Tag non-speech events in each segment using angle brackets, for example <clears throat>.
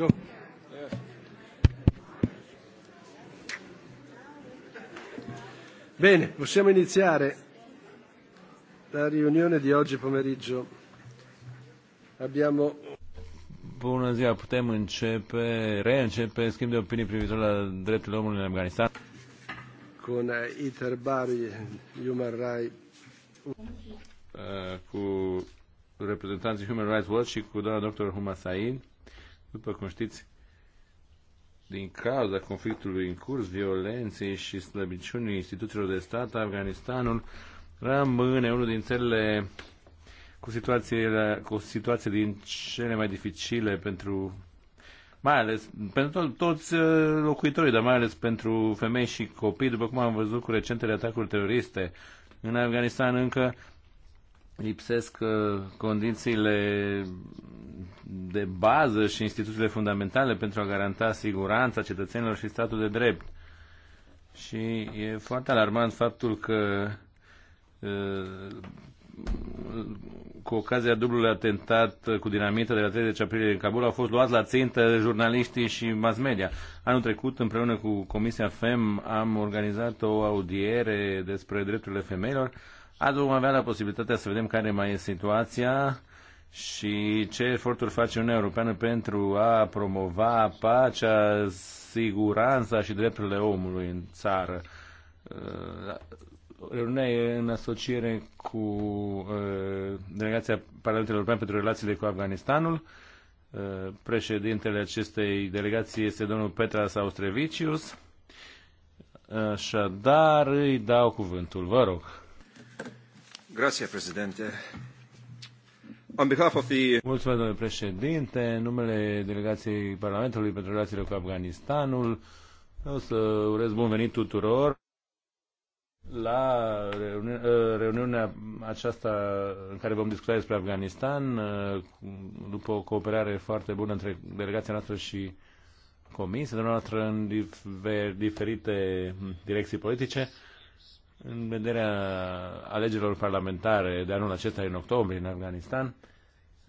go. Bene, possiamo iniziare la riunione di oggi pomeriggio. Abbiamo Bună ziua, putem începe, reîncepe schimb de opinii privitor la drepturile omului în Afganistan. Con Iter Bari, Human Rights. Uh, cu reprezentanții Human Rights Watch și cu doamna doctor Huma Sain după cum știți, din cauza conflictului în curs, violenței și slăbiciunii instituțiilor de stat, Afganistanul rămâne unul din țările cu situație, cu situație din cele mai dificile pentru mai ales pentru to- toți uh, locuitorii, dar mai ales pentru femei și copii, după cum am văzut cu recentele atacuri teroriste. În Afganistan încă lipsesc uh, condițiile de bază și instituțiile fundamentale pentru a garanta siguranța cetățenilor și statul de drept. Și e foarte alarmant faptul că uh, cu ocazia dublului atentat cu dinamită de la 30 aprilie în Kabul au fost luați la țintă jurnaliștii și mass media. Anul trecut, împreună cu Comisia FEM, am organizat o audiere despre drepturile femeilor Azi vom avea la posibilitatea să vedem care mai e situația și ce eforturi face Uniunea Europeană pentru a promova pacea, siguranța și drepturile omului în țară. Uh, reuniunea e în asociere cu uh, Delegația Parlamentului European pentru relațiile cu Afganistanul. Uh, președintele acestei delegații este domnul Petra Austrevicius. Așadar, îi dau cuvântul. Vă rog. Mulțumesc, domnule președinte. În numele delegației Parlamentului pentru relațiile cu Afganistanul, vreau să urez bun venit tuturor la ă, reuniunea aceasta în care vom discuta despre Afganistan, ă, după o cooperare foarte bună între delegația noastră și comisia noastră în diferite direcții politice în vederea alegerilor parlamentare de anul acesta în octombrie în Afganistan,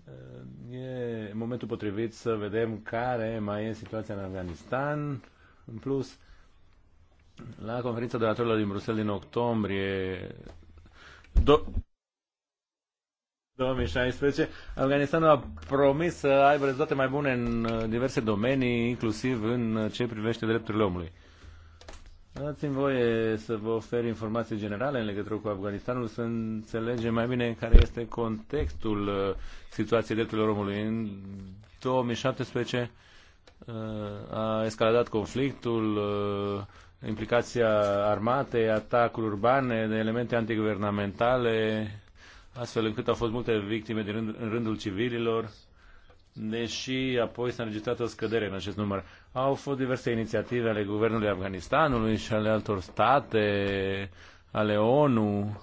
uh, e momentul potrivit să vedem care mai e situația în Afganistan. În plus, la conferința de donatorilor din Bruxelles din octombrie do- 2016, Afganistanul a promis să aibă rezultate mai bune în uh, diverse domenii, inclusiv în uh, ce privește drepturile omului. Dați-mi voie să vă ofer informații generale în legătură cu Afganistanul, să înțelegem mai bine care este contextul uh, situației drepturilor omului. În 2017 uh, a escaladat conflictul, uh, implicația armatei, atacuri urbane, de elemente antiguvernamentale, astfel încât au fost multe victime din rând, în rândul civililor deși apoi s-a înregistrat o scădere în acest număr. Au fost diverse inițiative ale guvernului Afganistanului și ale altor state, ale ONU,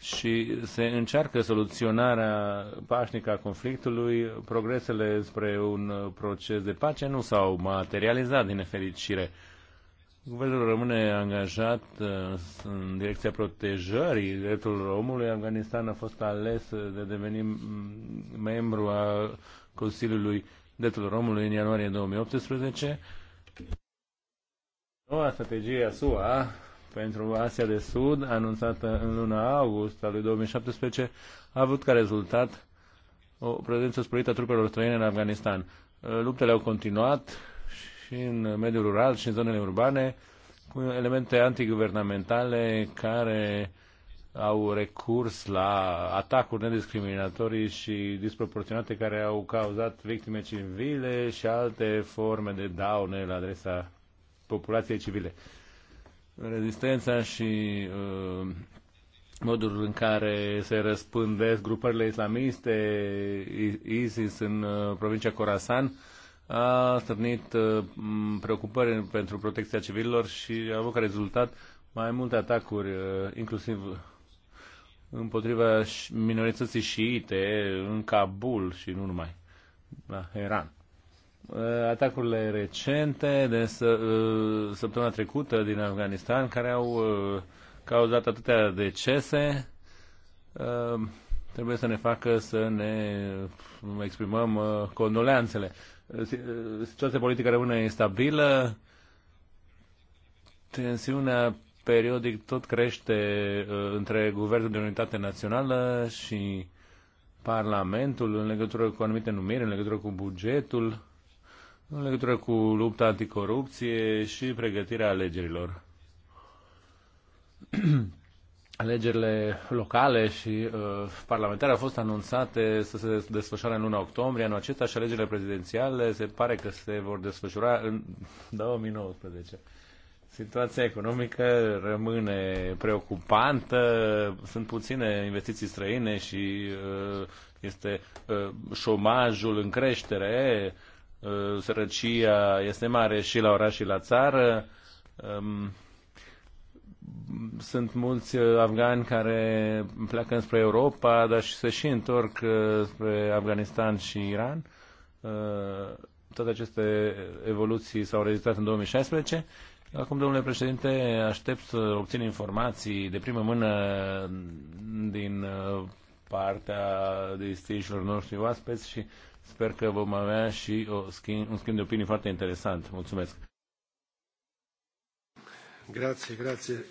și se încearcă soluționarea pașnică a conflictului. Progresele spre un proces de pace nu s-au materializat, din nefericire. Guvernul rămâne angajat uh, în direcția protejării drepturilor omului. Afganistan a fost ales de deveni membru a Consiliului Drepturilor Omului în ianuarie 2018. Noua strategie a SUA pentru Asia de Sud, anunțată în luna august a lui 2017, a avut ca rezultat o prezență sporită a trupelor străine în Afganistan. Luptele au continuat și în mediul rural și în zonele urbane, cu elemente antiguvernamentale care uh, au recurs la atacuri nediscriminatorii și disproporționate care au cauzat victime civile și alte forme de daune la adresa populației civile. Rezistența și uh, modul în care se răspândesc grupările islamiste ISIS în uh, provincia Khorasan a stârnit uh, preocupări pentru protecția civililor și a avut ca rezultat mai multe atacuri, uh, inclusiv împotriva minorității șiite în Kabul și nu numai, la Iran. Uh, atacurile recente de uh, săptămâna trecută din Afganistan, care au uh, cauzat atâtea decese, trebuie să ne facă să ne exprimăm condoleanțele. Situația politică rămâne instabilă, tensiunea periodic tot crește uh, între Guvernul de Unitate Națională și Parlamentul în legătură cu anumite numiri, în legătură cu bugetul, în legătură cu lupta anticorupție și pregătirea alegerilor. <clears throat> Alegerile locale și uh, parlamentare au fost anunțate să se desfășoare în luna octombrie anul acesta și alegerile prezidențiale se pare că se vor desfășura în 2019. Situația economică rămâne preocupantă, sunt puține investiții străine și uh, este uh, șomajul în creștere, uh, sărăcia este mare și la oraș și la țară. Um, sunt mulți afgani care pleacă spre Europa, dar și se și întorc spre Afganistan și Iran. Toate aceste evoluții s-au rezistat în 2016 Acum, domnule președinte, aștept să obțin informații de primă mână din uh, partea distinșilor noștri oaspeți și sper că vom avea și o schimb, un schimb de opinii foarte interesant. Mulțumesc! Grație, grație!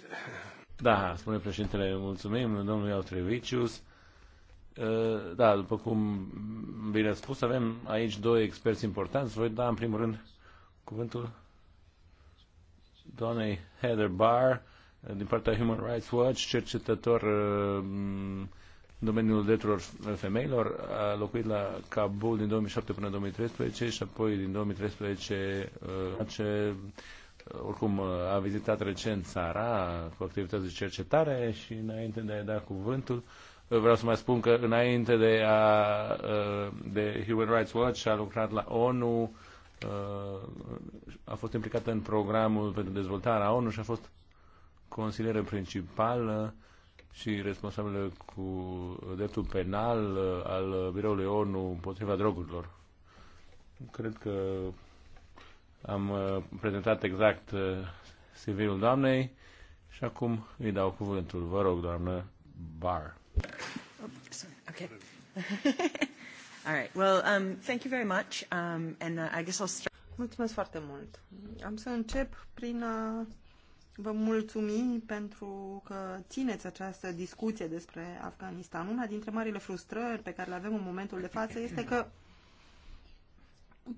Da, spune președintele, mulțumim domnului Autrevicius. Uh, da, după cum bine a spus, avem aici doi experți importanți. Voi da, în primul rând, cuvântul doamnei Heather Barr din partea Human Rights Watch, cercetător uh, în domeniul drepturilor uh, femeilor, a locuit la Kabul din 2007 până 2013 și apoi din 2013 uh, oricum a vizitat recent țara cu activități de cercetare și înainte de a da cuvântul, vreau să mai spun că înainte de, a, de Human Rights Watch a lucrat la ONU, a fost implicată în programul pentru dezvoltarea ONU și a fost consilieră principală și responsabilă cu dreptul penal uh, al biroului ONU împotriva drogurilor. Cred că am uh, prezentat exact uh, CV-ul doamnei și acum îi dau cuvântul. Vă rog, doamnă Bar. Oh, okay. <laughs> Mulțumesc foarte mult. Am să încep prin a vă mulțumi pentru că țineți această discuție despre Afganistan. Una dintre marile frustrări pe care le avem în momentul de față este că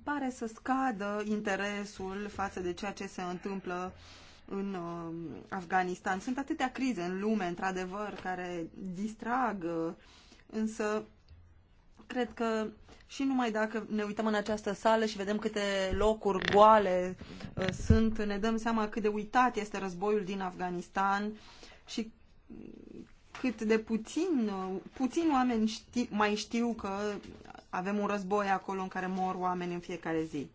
pare să scadă interesul față de ceea ce se întâmplă în uh, Afganistan. Sunt atâtea crize în lume, într-adevăr, care distrag, uh, însă Cred că și numai dacă ne uităm în această sală și vedem câte locuri goale uh, sunt, ne dăm seama cât de uitat este războiul din Afganistan și cât de puțin, uh, puțin oameni ști, mai știu că avem un război acolo în care mor oameni în fiecare zi.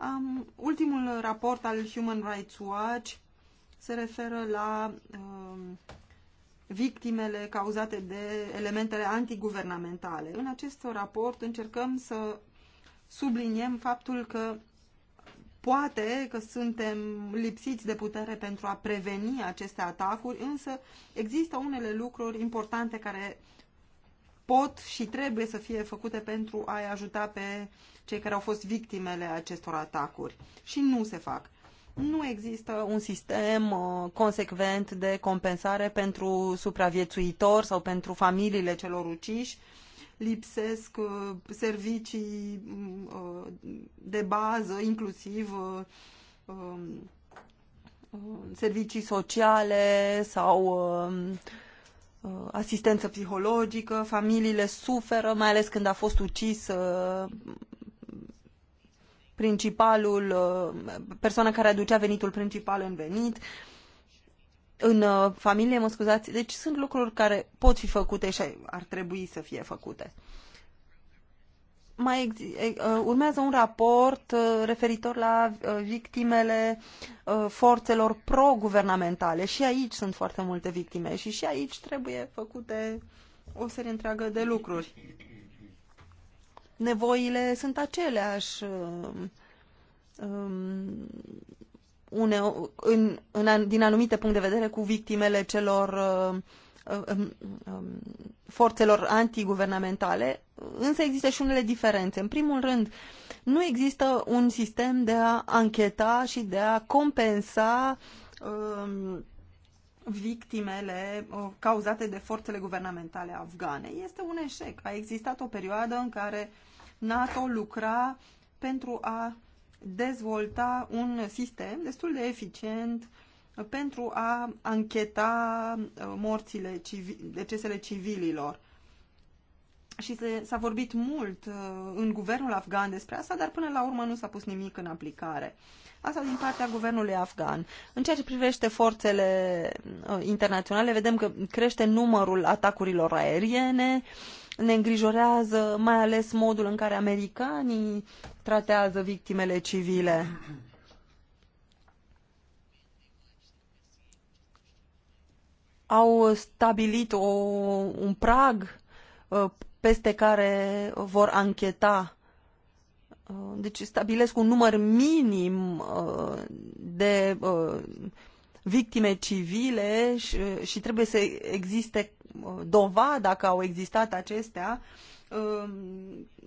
Um, ultimul raport al Human Rights Watch se referă la um, victimele cauzate de elementele antiguvernamentale. În acest raport încercăm să subliniem faptul că poate că suntem lipsiți de putere pentru a preveni aceste atacuri, însă există unele lucruri importante care pot și trebuie să fie făcute pentru a-i ajuta pe cei care au fost victimele acestor atacuri. Și nu se fac nu există un sistem uh, consecvent de compensare pentru supraviețuitori sau pentru familiile celor uciși. Lipsesc uh, servicii mm, uh, de bază, inclusiv um, servicii sociale sau um, asistență psihologică. Familiile suferă, mai ales când a fost ucis principalul, uh, persoana care aducea venitul principal în venit, în uh, familie, mă scuzați. Deci sunt lucruri care pot fi făcute și ar trebui să fie făcute. Mai uh, urmează un raport referitor la victimele forțelor pro-guvernamentale. Și aici sunt foarte multe victime și și aici trebuie făcute o serie întreagă de lucruri nevoile sunt aceleași. Um, um, une, în, în, din anumite puncte de vedere cu victimele celor uh, um, forțelor antiguvernamentale, însă există și unele diferențe. În primul rând, nu există un sistem de a ancheta și de a compensa um, victimele uh, cauzate de forțele guvernamentale afgane. Este un eșec. A existat o perioadă în care uh, NATO lucra pentru a dezvolta un sistem destul de eficient pentru a ancheta uh, morțile, decesele civililor. Și s-a vorbit mult uh, în guvernul afgan despre asta, dar până la urmă nu s-a pus nimic în aplicare. Asta din partea guvernului afgan. În ceea ce privește forțele uh, internaționale, vedem că crește numărul atacurilor aeriene, uh, ne îngrijorează mai ales modul în care americanii tratează victimele civile. Au stabilit o, un prag uh, peste care vor ancheta uh, deci stabilesc un număr minim uh, de victime civile și, și trebuie să existe Uh, dovada că au existat acestea, um,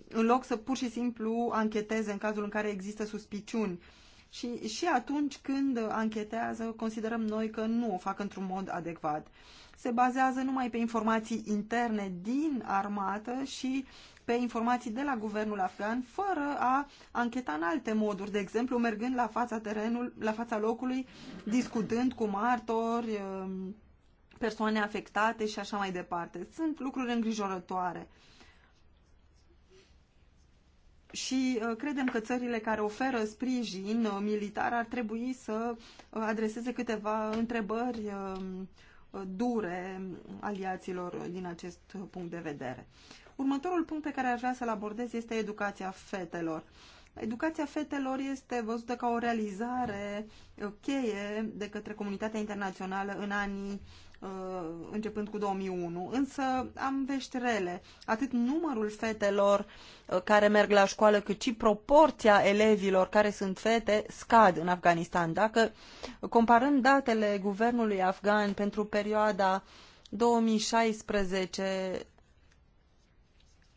în loc să pur și simplu ancheteze în cazul în care există suspiciuni. Și, și atunci când anchetează, considerăm noi că nu o fac într-un mod adecvat. Se bazează numai pe informații interne din armată și pe informații de la guvernul afgan, fără a ancheta în alte moduri, de exemplu, mergând la fața terenului, la fața locului, discutând cu martori, um, persoane afectate și așa mai departe. Sunt lucruri îngrijorătoare. Și uh, credem că țările care oferă sprijin uh, militar ar trebui să uh, adreseze câteva întrebări um, dure aliaților din acest punct de vedere. Următorul punct pe care aș vrea să-l abordez este educația fetelor. Educația fetelor este văzută ca o realizare cheie de către comunitatea internațională în anii Uh, începând cu 2001, însă am vești rele. Atât numărul fetelor uh, care merg la școală, cât și proporția elevilor care sunt fete scad în Afganistan. Dacă comparăm datele guvernului afgan pentru perioada 2016,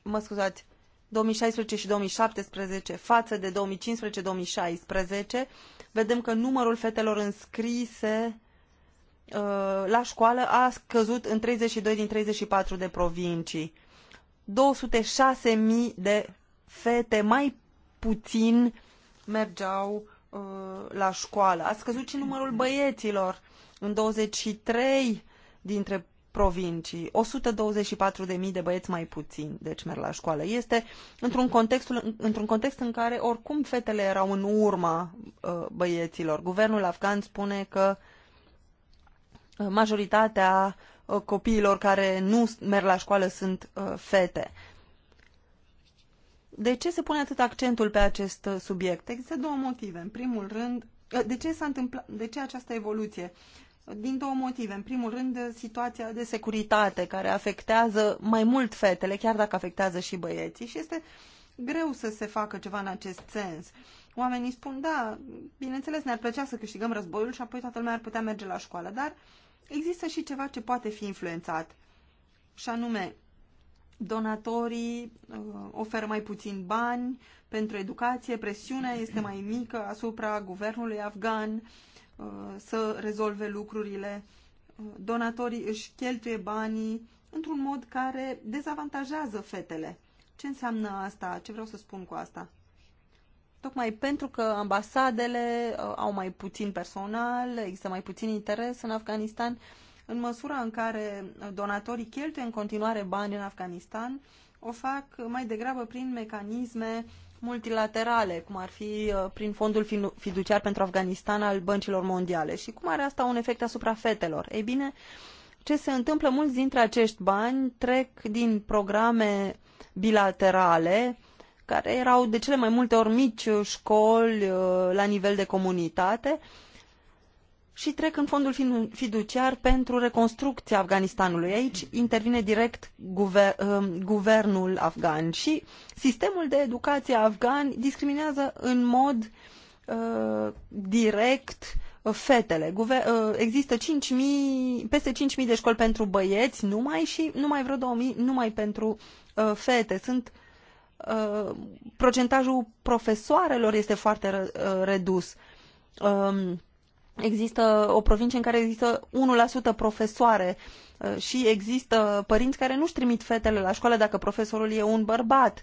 mă scuzați, 2016 și 2017 față de 2015-2016, vedem că numărul fetelor înscrise Uh, la școală a scăzut în 32 din 34 de provincii. 206.000 de fete mai puțin mergeau uh, la școală. A scăzut și numărul băieților în 23 dintre provincii, 124.000 de băieți mai puțin, deci merg la școală. Este într-un, context într-un context în care oricum fetele erau în urma uh, băieților. Guvernul afgan spune că uh, majoritatea uh, copiilor care nu merg la școală sunt uh, fete. De ce se pune atât accentul pe acest uh, subiect? Există două motive. În primul rând, de ce, s-a întâmplat, de ce această evoluție? Din două motive. În primul rând, situația de securitate care afectează mai mult fetele, chiar dacă afectează și băieții și este greu să se facă ceva în acest sens. Oamenii spun, da, bineînțeles, ne-ar plăcea să câștigăm războiul și apoi toată lumea ar putea merge la școală, dar uh, există și ceva ce poate fi influențat, și anume donatorii uh, oferă mai puțin bani pentru educație, presiunea este mai mică asupra guvernului afgan uh, să rezolve lucrurile, uh, donatorii își cheltuie banii într-un mod care dezavantajează fetele. Ce înseamnă asta? Ce vreau să spun cu asta? tocmai pentru că ambasadele uh, au mai puțin personal, există mai puțin interes în Afganistan, în măsura în care donatorii cheltuie în continuare bani în Afganistan, o fac mai degrabă prin mecanisme multilaterale, cum ar fi uh, prin fondul fiduciar pentru Afganistan al băncilor mondiale. Și cum are asta un efect asupra fetelor? Ei bine, ce se întâmplă, mulți dintre acești bani trec din programe bilaterale care erau de cele mai multe ori mici uh, școli uh, la nivel de comunitate și trec în fondul fiduciar pentru reconstrucția Afganistanului. Aici intervine direct guver, uh, guvernul afgan și sistemul de educație afgan discriminează în mod uh, direct fetele. Guver, uh, există 5.000, peste 5.000 de școli pentru băieți numai și numai vreo 2.000 numai pentru uh, fete. Sunt uh, Uh, procentajul profesoarelor este foarte uh, redus. Um, există o provincie în care există 1% profesoare uh, și există părinți care nu-și trimit fetele la școală dacă profesorul e un bărbat.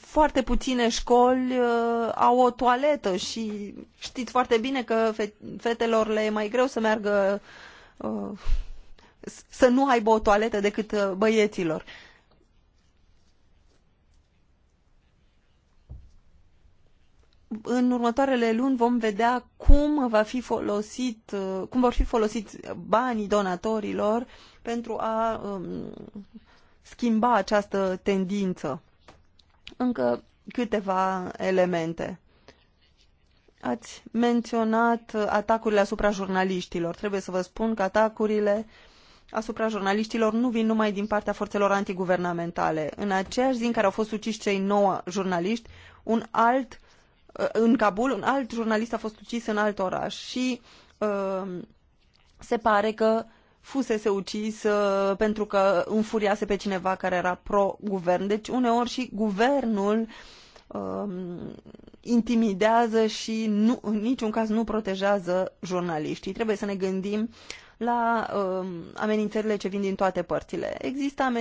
Foarte puține școli au o toaletă și știți foarte bine că fetelor le e mai greu să meargă să nu aibă o toaletă decât băieților. în următoarele luni vom vedea cum, va fi folosit, uh, cum vor fi folosiți banii donatorilor pentru a um, schimba această tendință. Încă câteva elemente. Ați menționat atacurile asupra jurnaliștilor. Trebuie să vă spun că atacurile asupra jurnaliștilor nu vin numai din partea forțelor antiguvernamentale. În aceeași zi în care au fost uciși cei nouă jurnaliști, un alt Uh, în Kabul, un alt jurnalist a fost ucis în alt oraș și uh, se pare că fusese ucis uh, pentru că înfuriase pe cineva care era pro-guvern. Deci uneori și guvernul um, intimidează și nu, în niciun caz nu protejează jurnaliștii. Trebuie să ne gândim la uh, amenințările ce vin din toate părțile. Există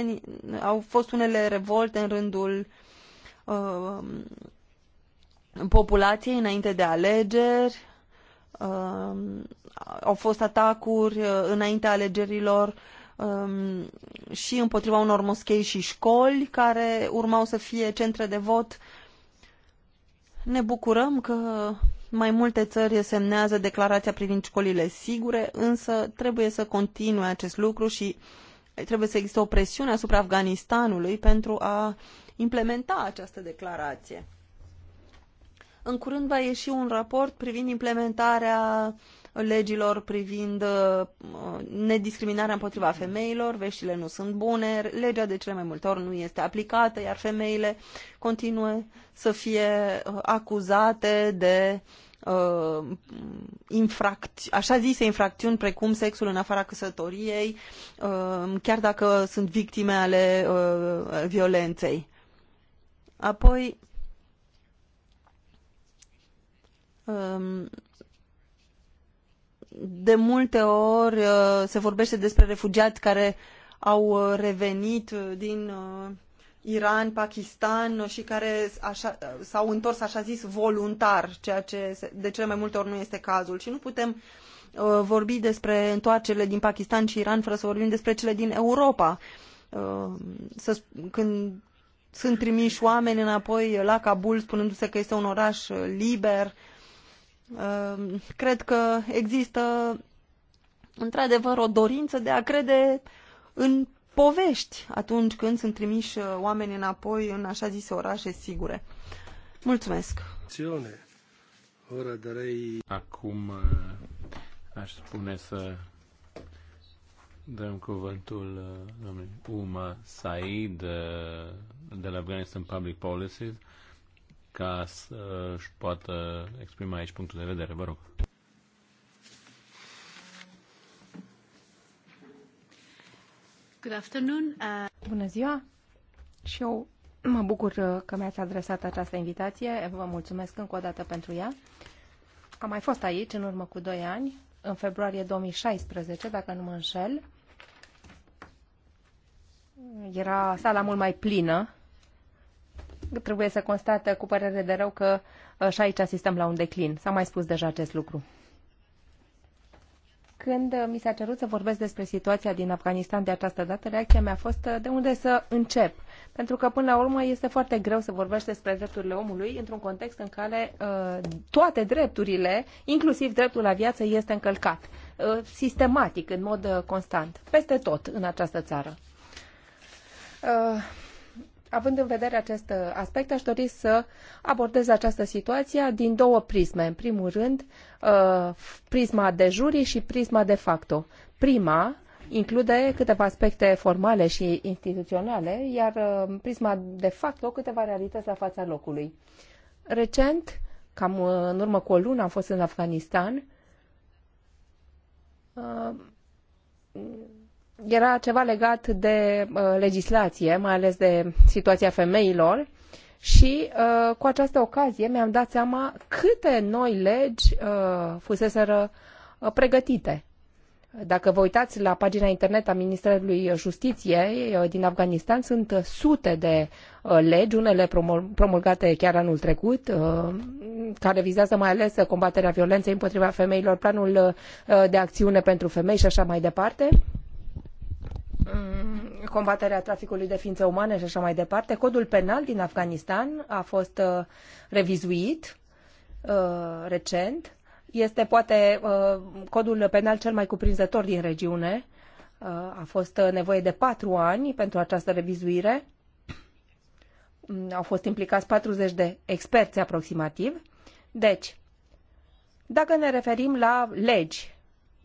au fost unele revolte în rândul uh, populației înainte de alegeri, um, au fost atacuri uh, înaintea alegerilor um, și împotriva unor moschei și școli care urmau să fie centre de vot. Ne bucurăm că mai multe țări semnează declarația privind școlile sigure, însă trebuie să continue acest lucru și trebuie să existe o presiune asupra Afganistanului pentru a implementa această declarație. În curând va ieși un raport privind implementarea legilor privind uh, nediscriminarea împotriva femeilor, veștile nu sunt bune, legea de cele mai multe ori nu este aplicată, iar femeile continuă să fie uh, acuzate de uh, infrac- așa zise infracțiuni precum sexul în afara căsătoriei, uh, chiar dacă sunt victime ale uh, violenței. Apoi, Um, de multe ori uh, se vorbește despre refugiați care au uh, revenit uh, din Iran, Pakistan și care s-au întors, așa zis, voluntar, ceea ce de cele mai multe ori nu este cazul. Și nu putem vorbi despre întoarcerile din Pakistan și Iran fără să vorbim despre cele din Europa. când sunt trimiși oameni înapoi la Kabul spunându-se că este un oraș liber, Ehm, cred că există într-adevăr o dorință de a crede în povești atunci când sunt trimiși uh, oameni înapoi în așa zise orașe sigure. Mulțumesc! Acum uh, aș spune să dăm cuvântul uh, domnului Uma Said de la Afghanistan Public Policies ca să își poată exprima aici punctul de vedere. Vă rog. Good afternoon. Uh, Bună ziua! Și eu mă bucur că mi-ați adresat această invitație. Vă mulțumesc încă o dată pentru ea. Am mai fost aici în urmă cu 2 ani, în februarie 2016, dacă nu mă înșel. Era sala mult mai plină trebuie să constată cu părere de rău că uh, și aici asistăm la un declin. S-a mai spus deja acest lucru. Când uh, mi s-a cerut să vorbesc despre situația din Afganistan de această dată, reacția mea a fost uh, de unde să încep. Pentru că, până la urmă, este foarte greu să vorbești despre drepturile omului într-un context în care uh, toate drepturile, inclusiv dreptul la viață, este încălcat uh, sistematic, în mod uh, constant, peste tot în această țară. Uh, având în vedere acest uh, aspect, aș dori să abordez această situație din două prisme. În primul rând, uh, prisma de juri și prisma de facto. Prima include câteva aspecte formale și instituționale, iar uh, prisma de facto câteva realități la fața locului. Recent, cam în urmă cu o lună, am fost în Afganistan era ceva legat de uh, legislație, mai ales de situația femeilor și uh, cu această ocazie mi-am dat seama câte noi legi uh, fuseseră uh, pregătite. Dacă vă uitați la pagina internet a Ministerului Justiției uh, din Afganistan, sunt uh, sute de uh, legi, unele promulgate chiar anul trecut, care vizează mai ales combaterea violenței împotriva femeilor, planul de acțiune pentru femei și așa mai departe Mm, combaterea traficului de ființe umane și așa mai departe. Codul penal din Afganistan a fost uh, revizuit uh, recent. Este poate uh, codul penal cel mai cuprinzător din regiune. A fost nevoie de patru ani pentru această revizuire. Mm, au fost implicați 40 de experți aproximativ. Deci, dacă ne referim la legi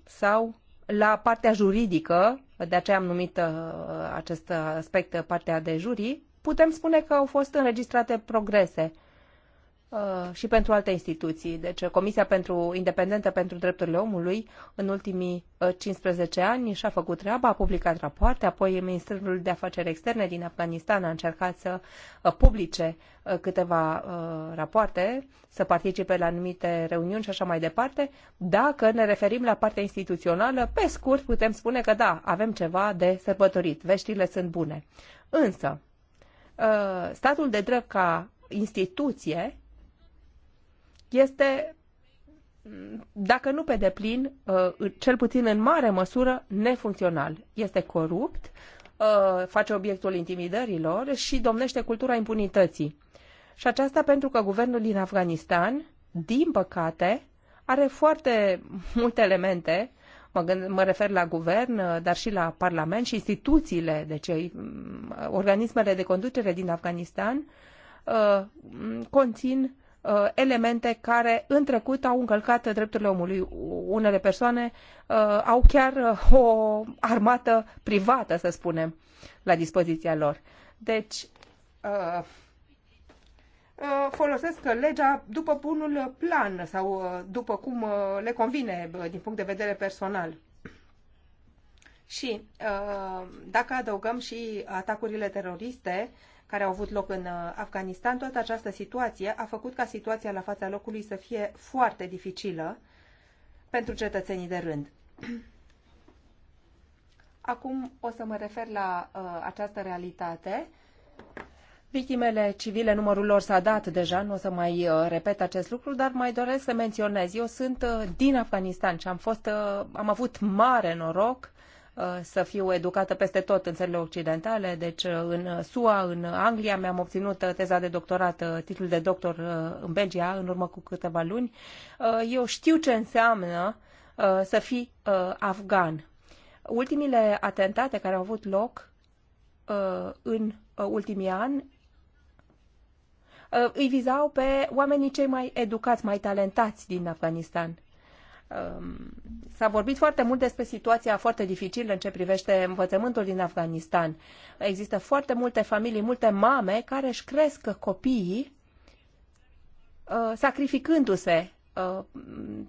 sau la partea juridică de aceea am numit uh, acest aspect partea de jurii, putem spune că au fost înregistrate progrese Uh, și pentru alte instituții. Deci uh, Comisia pentru Independentă pentru Drepturile Omului în ultimii 15 uh, ani și-a făcut treaba, a publicat rapoarte, apoi Ministerul de Afaceri Externe din Afganistan a încercat să publice câteva rapoarte, să participe la anumite reuniuni și așa mai departe. Dacă ne referim la partea instituțională, pe scurt putem spune că da, avem ceva de sărbătorit, veștile sunt bune. Însă, statul de drept ca instituție este, dacă nu pe deplin, uh, cel puțin în mare măsură, nefuncțional. Este corupt, uh, face obiectul intimidărilor și domnește cultura impunității. Și aceasta pentru că guvernul din Afganistan, din păcate, are foarte multe elemente, mă, gând, mă refer la guvern, uh, dar și la parlament și instituțiile, deci organismele de conducere din Afganistan, conțin Uh, elemente care în trecut au încălcat drepturile omului. Unele persoane uh, au chiar uh, o armată privată, să spunem, la dispoziția lor. Deci, folosesc legea după bunul plan sau după cum le convine din punct de vedere personal. Și dacă adăugăm și atacurile teroriste, care au avut loc în uh, Afganistan, toată această situație a făcut ca situația la fața locului să fie foarte dificilă pentru cetățenii de rând. <clears throat> Acum o să mă refer la uh, această realitate. Victimele civile, numărul lor s-a dat deja, nu o să mai uh, repet acest lucru, dar mai doresc să menționez. Eu sunt uh, din Afganistan și am, fost, uh, am avut mare noroc Uh, să fiu educată peste tot în țările occidentale, deci uh, în uh, SUA, în Anglia, mi-am obținut teza de doctorat, titlul de doctor în Belgia, în urmă cu câteva luni. Eu știu ce înseamnă să fii afgan. Ultimile atentate care au avut loc în ultimii ani îi vizau pe oamenii cei mai educați, mai talentați din Afganistan. Um, s-a vorbit foarte mult despre situația foarte dificilă în ce privește învățământul din Afganistan. Există foarte multe familii, multe mame care își cresc copiii uh, sacrificându-se uh,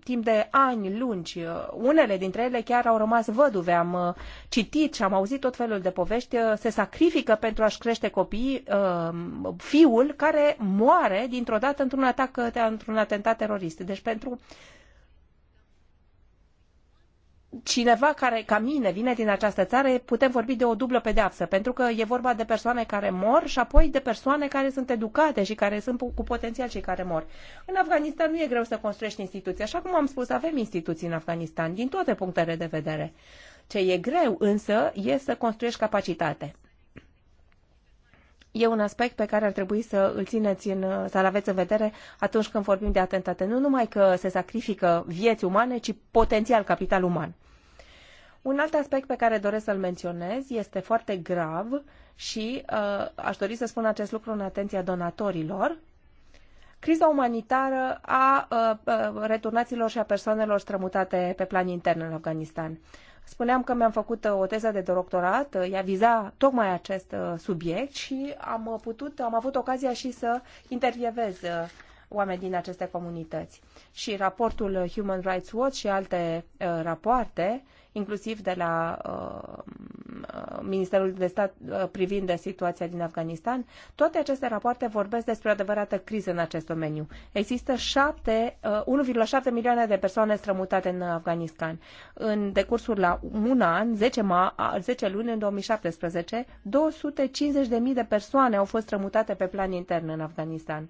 timp de ani lungi. Uh, unele dintre ele chiar au rămas văduve. Am citit și am auzit tot felul de povești. Se sacrifică pentru a-și crește copiii fiul care moare dintr-o dată într-un atac, într-un atentat terorist. Deci pentru cineva care, ca mine, vine din această țară, putem vorbi de o dublă pedeapsă, pentru că e vorba de persoane care mor și apoi de persoane care sunt educate și care sunt cu potențial cei care mor. În Afganistan nu e greu să construiești instituții. Așa cum am spus, avem instituții în Afganistan, din toate punctele de vedere. Ce e greu, însă, e să construiești capacitate e un aspect pe care ar trebui să îl țineți în, să-l aveți în vedere atunci când vorbim de atentate. Nu numai că se sacrifică vieți umane, ci potențial capital uman. Un alt aspect pe care doresc să-l menționez este foarte grav și uh, aș dori să spun acest lucru în atenția donatorilor. Criza umanitară a uh, uh returnaților și a persoanelor strămutate pe plan intern în Afganistan. Uh, Spuneam că mi-am făcut uh, o teză de doctorat, uh, ea viza tocmai acest uh, subiect și am putut, am avut ocazia și să intervievez oameni din aceste comunități. Și raportul Human Rights Watch și alte rapoarte uh, inclusiv de la uh, Ministerul de Stat uh, privind de situația din Afganistan. Toate aceste rapoarte vorbesc despre o adevărată criză în acest domeniu. Există 7, 1,7 uh, milioane de persoane strămutate în Afganistan. În decursul la un an, 10, ma, 10 luni în 2017, 250.000 de persoane au fost strămutate pe plan intern în Afganistan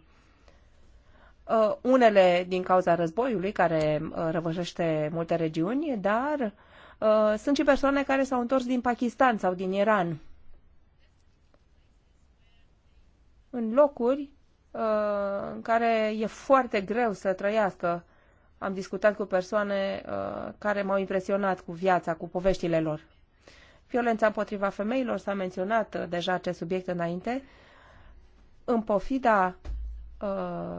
unele din cauza războiului care răvășește multe regiuni, dar Uh, sunt și persoane care s-au întors din Pakistan sau din Iran. În locuri uh, în care e foarte greu să trăiască. Am discutat cu persoane uh, care m-au impresionat cu viața, cu poveștile lor. Violența împotriva femeilor s-a menționat deja acest subiect înainte. În pofida Uh,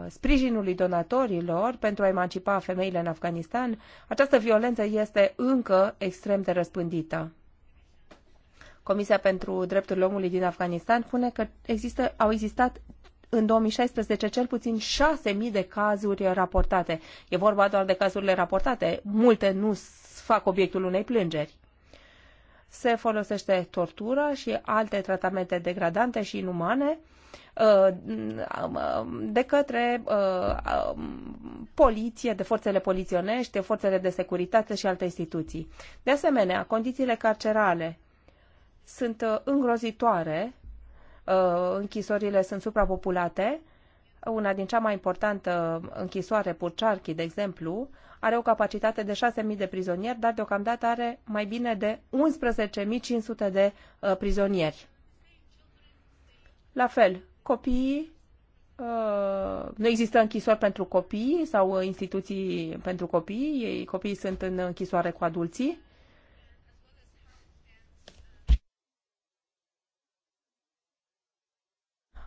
sprijinului donatorilor pentru a emancipa femeile în Afganistan, această violență este încă extrem de răspândită. Comisia pentru Drepturile Omului din Afganistan spune că există, au existat în 2016 cel puțin 6.000 de cazuri raportate. E vorba doar de cazurile raportate. Multe nu fac obiectul unei plângeri. Se folosește tortura și alte tratamente degradante și inumane de către uh, um, poliție, de forțele poliționești, de forțele de securitate și alte instituții. De asemenea, condițiile carcerale sunt uh, îngrozitoare, uh, închisorile sunt suprapopulate, una din cea mai importantă închisoare, Purcearchi, de exemplu, are o capacitate de 6.000 de prizonieri, dar deocamdată are mai bine de 11.500 de prizonieri. La fel, copiii, uh, nu există închisori pentru copii sau uh, instituții pentru copii, ei, copiii sunt în închisoare cu adulții.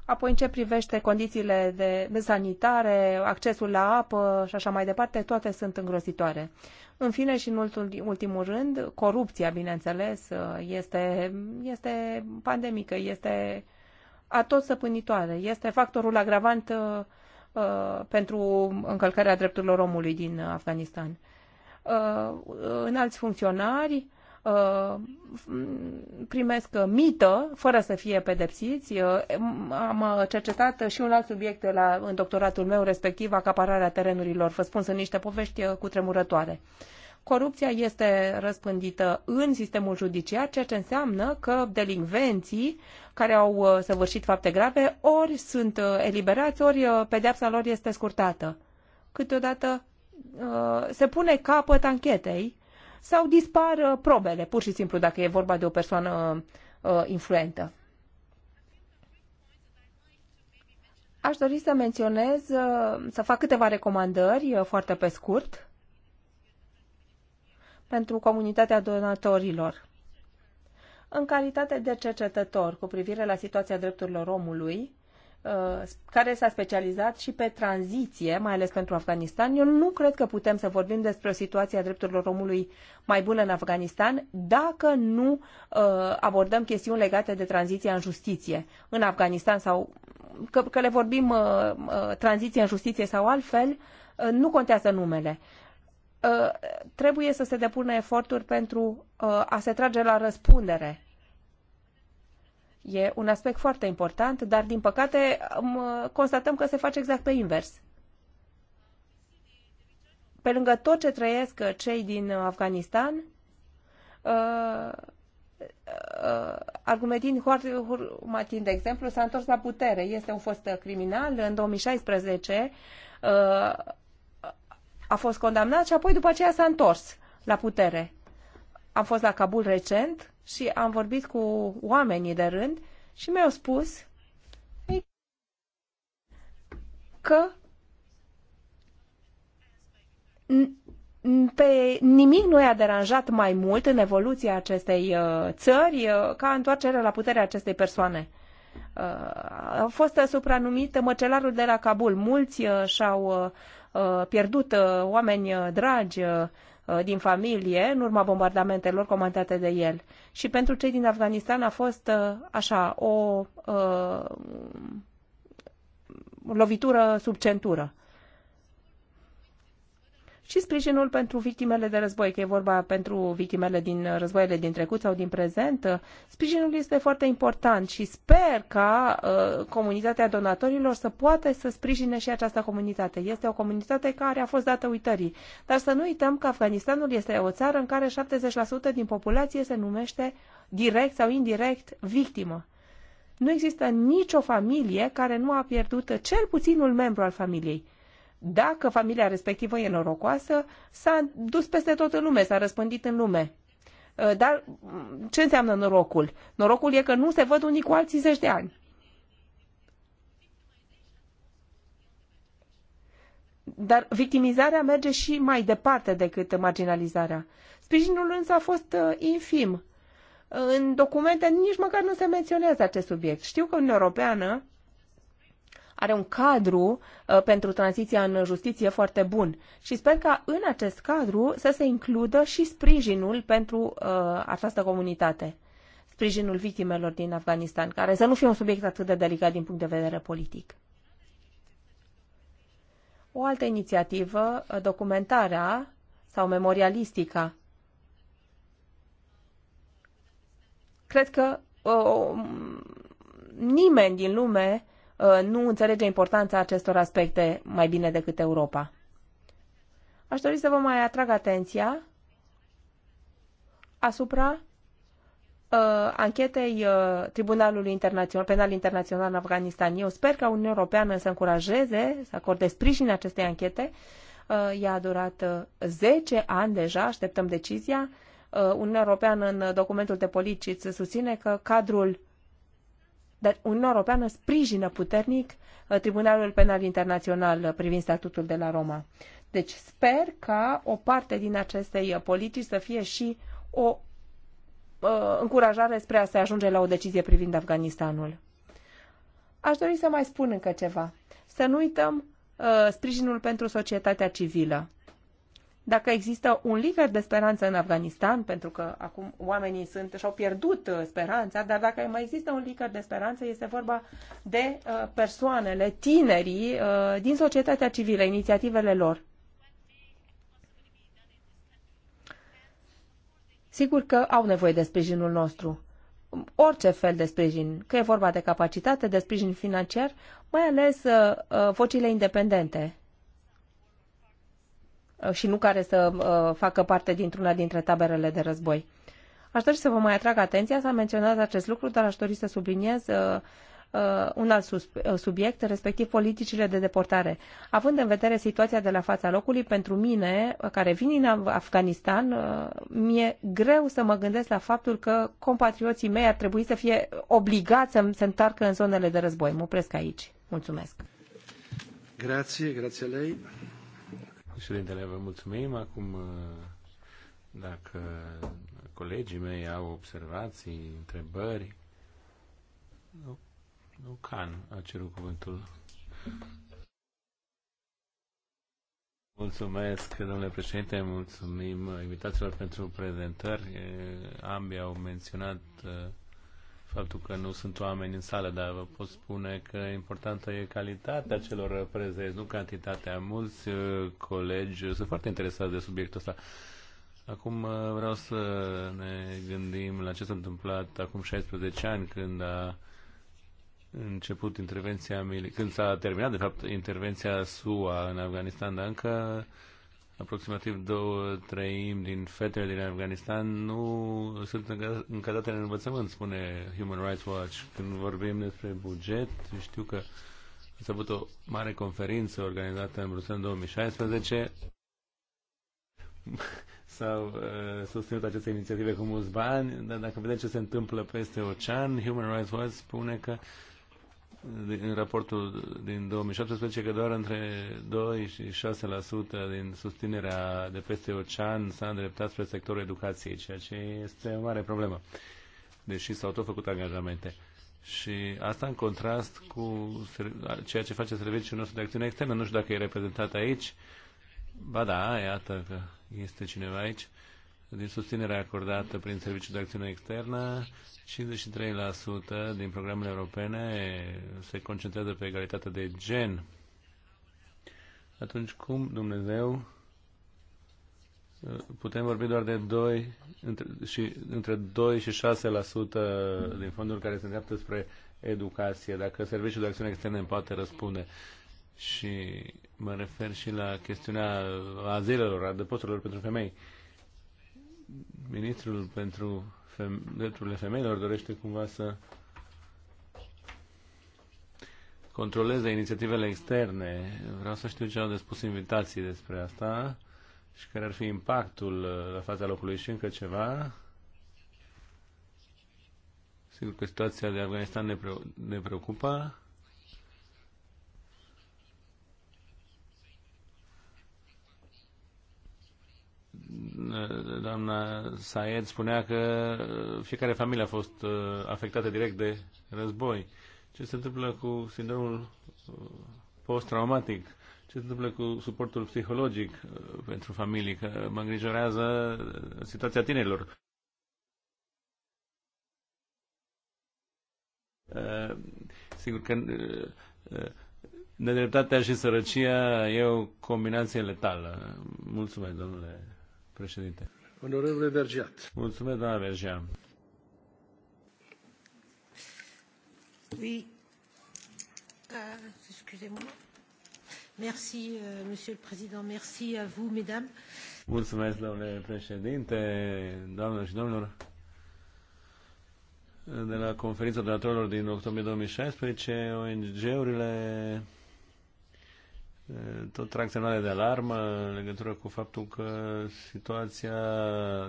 Apoi, în ce privește condițiile de, de sanitare, accesul la apă și așa mai departe, toate sunt îngrozitoare. În fine și în ultimul rând, corupția, bineînțeles, uh, este, este pandemică, este săpânitoare. Este factorul agravant uh, uh, pentru încălcarea drepturilor omului din Afganistan. Uh, în alți funcționari uh, primesc mită fără să fie pedepsiți. Uh, am cercetat și un alt subiect la, în doctoratul meu, respectiv acapararea terenurilor. Vă spun, sunt niște povești uh, cutremurătoare. Uh, corupția este răspândită în sistemul judiciar, ceea ce înseamnă că delinvenții care au uh, săvârșit fapte grave ori sunt uh, eliberați, ori uh, pedeapsa lor este scurtată. Câteodată se pune capăt anchetei sau dispar probele, pur și simplu, dacă e vorba de o persoană influentă. Aș dori să menționez, să fac câteva recomandări foarte pe scurt pentru comunitatea donatorilor. În calitate de cercetător cu privire la situația drepturilor omului, uh, care s-a specializat și pe tranziție, mai ales pentru Afganistan. Eu nu cred că putem să vorbim despre o situație a drepturilor omului mai bună în Afganistan dacă nu uh, abordăm chestiuni legate de tranziția în justiție în Afganistan sau că, că le vorbim uh, uh, tranziție în justiție sau altfel, uh, nu contează numele. Uh, trebuie să se depună eforturi pentru uh, a se trage la răspundere. E un aspect foarte important, dar din păcate um, constatăm că se face exact pe invers. Pe lângă tot ce trăiesc cei din Afganistan, uh, Argumentin Hurmatin, de exemplu, s-a întors la putere. Este un fost criminal. În 2016 a fost condamnat și apoi după aceea s-a întors la putere. Am fost la Kabul recent și am vorbit cu oamenii de rând și mi-au spus că pe nimic nu i-a deranjat mai mult în evoluția acestei uh, țări uh, ca întoarcerea la puterea acestei persoane. Uh, a fost supranumită măcelarul de la Kabul. Mulți și-au Uh, pierdut uh, oameni uh, dragi din familie în urma bombardamentelor comandate de el. Și pentru cei din Afganistan a fost așa o lovitură sub centură și sprijinul pentru victimele de război, că e vorba pentru victimele din războaiele din trecut sau din prezent. Sprijinul este foarte important și sper ca uh, comunitatea donatorilor să poată să sprijine și această comunitate. Este o comunitate care a fost dată uitării. Dar să nu uităm că Afganistanul este o țară în care 70% din populație se numește direct sau indirect victimă. Nu există nicio familie care nu a pierdut cel puțin un membru al familiei dacă familia respectivă e norocoasă, s-a dus peste tot în lume, s-a răspândit în lume. Uh, dar ce înseamnă norocul? Norocul e că nu se văd unii cu alții zeci de ani. Dar victimizarea merge și mai departe decât marginalizarea. Sprijinul însă a fost uh, infim. În documente nici măcar nu se menționează acest subiect. Știu că Uniunea Europeană are un cadru uh, pentru tranziția în justiție foarte bun și sper ca în acest cadru să se includă și sprijinul pentru uh, această comunitate, sprijinul victimelor din Afganistan, care să nu fie un subiect atât de delicat din punct de vedere politic. O altă inițiativă, uh, documentarea sau memorialistica. Cred că o, nimeni din lume Uh, nu înțelege importanța acestor aspecte mai bine decât Europa. Aș dori să vă mai atrag atenția asupra uh, anchetei uh, Tribunalului Internațional, Penal Internațional în Afganistan. Eu sper ca Uniunea Europeană să încurajeze, să acorde sprijin acestei anchete. Uh, ea a durat uh, 10 ani deja, așteptăm decizia. Uh, Uniunea Europeană în documentul de politici susține că cadrul dar Uniunea Europeană sprijină puternic uh, Tribunalul Penal Internațional uh, privind statutul de la Roma. Deci sper ca o parte din acestei uh, politici să fie și o uh, încurajare spre a se ajunge la o decizie privind Afganistanul. Aș dori să mai spun încă ceva. Să nu uităm uh, sprijinul pentru societatea civilă dacă există un liver de speranță în Afganistan, pentru că acum oamenii sunt și-au pierdut uh, speranța, dar dacă mai există un liver de speranță, este vorba de uh, persoanele, tinerii uh, din societatea civilă, inițiativele lor. Sigur că au nevoie de sprijinul nostru. Orice fel de sprijin, că e vorba de capacitate, de sprijin financiar, mai ales uh, vocile uh, independente, Uh, și nu care să uh, facă parte dintr-una dintre taberele de război. Aș dori să vă mai atrag atenția, s-a menționat acest lucru, dar aș dori să subliniez uh, un alt subiect, respectiv politicile de deportare. Având în vedere situația de la fața locului, pentru mine, care vin din Afganistan, mi-e greu să mă gândesc la faptul că compatrioții mei ar trebui să fie obligați să se întoarcă în zonele de război. Mă opresc aici. Mulțumesc. Grazie, grazie lei. Președintele, vă mulțumim. Acum, uh, dacă colegii mei au observații, întrebări, nu, nu can a cerut cuvântul. Mulțumesc, domnule președinte, mulțumim invitațiilor pentru prezentări. Ambii au menționat uh, faptul că nu sunt oameni în sală, dar vă pot spune că importantă e calitatea celor prezenți, nu cantitatea. Mulți uh, colegi sunt foarte interesați de subiectul ăsta. Acum uh, vreau să ne gândim la ce s-a întâmplat acum 16 ani când a început intervenția, când s-a terminat de fapt intervenția SUA în Afganistan, dar încă aproximativ două treimi din fetele din Afganistan nu sunt încadrate în învățământ, spune Human Rights Watch. Când vorbim despre buget, știu că ați avut o mare conferință organizată în Bruxelles în 2016. <laughs> S-au uh, susținut aceste inițiative cu mulți bani, dar dacă vedem ce se întâmplă peste ocean, Human Rights Watch spune că în raportul din 2017 că doar între 2 și 6% din susținerea de peste ocean s-a îndreptat spre sectorul educației, ceea ce este o mare problemă, deși s-au tot făcut angajamente. Și asta în contrast cu ceea ce face serviciul nostru de acțiune externă. Nu știu dacă e reprezentat aici. Ba da, iată că este cineva aici. Uh, din susținerea acordată prin Serviciul de Acțiune Externă, 53% din programele europene se concentrează pe egalitatea de gen. Atunci cum Dumnezeu putem vorbi doar de 2 între, și, între 2 și 6% din fonduri care se îndreaptă spre educație, dacă Serviciul de Acțiune externă îmi poate răspunde. Și mă refer și la chestiunea azilelor, a adăposturilor pentru femei. Uh, ministrul pentru drepturile femeilor dorește cumva să controleze inițiativele externe. Vreau să știu ce au de spus invitații despre asta și care ar fi impactul uh, la fața locului și încă ceva. Sigur că situația de Afganistan ne, pre- ne preocupă. doamna Saed spunea că fiecare familie a fost uh, afectată direct de război. Ce se întâmplă cu sindromul uh, post-traumatic? Ce se întâmplă cu suportul psihologic uh, pentru familii? Că mă îngrijorează situația tinerilor. Sigur că nedreptatea și sărăcia e o combinație letală. Mulțumesc, domnule președinte. Onorevole Vergeat. Mulțumesc, doamna Vergeat. Oui. Uh, excusez-moi. Merci, uh, monsieur le président. Merci à vous, mesdames. Mulțumesc, domnule președinte, doamnelor și domnilor. De la conferința donatorilor din octombrie 2016, ONG-urile tot trag semnale de alarmă în legătură cu faptul că situația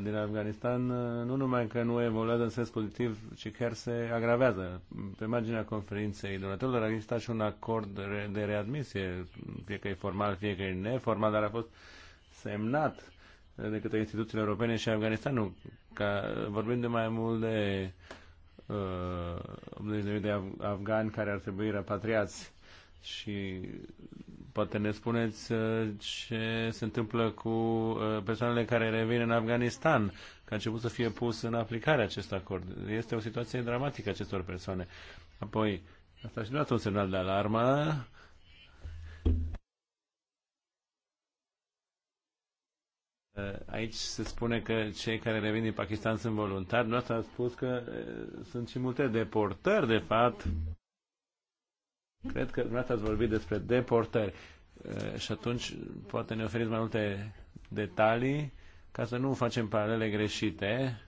din Afganistan nu numai că nu evoluează în sens pozitiv, ci chiar se agravează. Pe marginea conferinței donatorilor a existat și un acord de readmisie, fie că e formal, fie că e neformal, dar a fost semnat de către instituțiile europene și Afganistanul, ca, vorbind de mai mult de uh, 80.000 de afgani care ar trebui repatriați și Poate ne spuneți uh, ce se întâmplă cu uh, persoanele care revin în Afganistan, că a început să fie pus în aplicare acest acord. Este o situație dramatică acestor persoane. Apoi, asta și dat un semnal de alarmă. Uh, aici se spune că cei care revin din Pakistan sunt voluntari. Noastră a spus că sunt și multe deportări, de fapt, Cred că dumneavoastră ați vorbit despre deportări și atunci poate ne oferiți mai multe detalii ca să nu facem paralele greșite.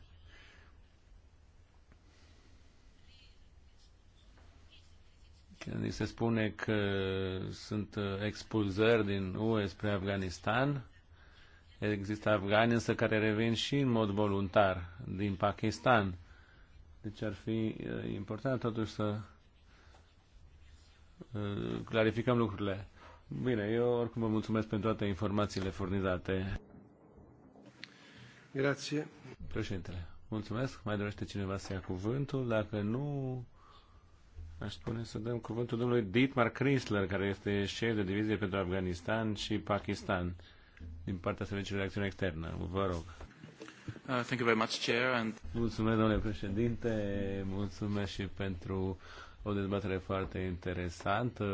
Când se spune că sunt uh, expulzări din UE spre Afganistan, există afgani însă care revin și în mod voluntar din Pakistan. Deci ar fi uh, important totuși să Eh, clarificăm lucrurile. Bine, eu oricum vă mulțumesc pentru toate informațiile furnizate. Grație. Președintele, mulțumesc. Mai dorește cineva să ia cuvântul? Dacă nu, aș spune să dăm cuvântul domnului Dietmar Chrysler, care este șef de divizie pentru Afganistan și Pakistan, din partea Serviciului de Acțiune Externă. Vă rog. Uh, thank you very much, Chair. And... Mulțumesc, domnule președinte, mulțumesc și pentru o dezbatere foarte interesantă.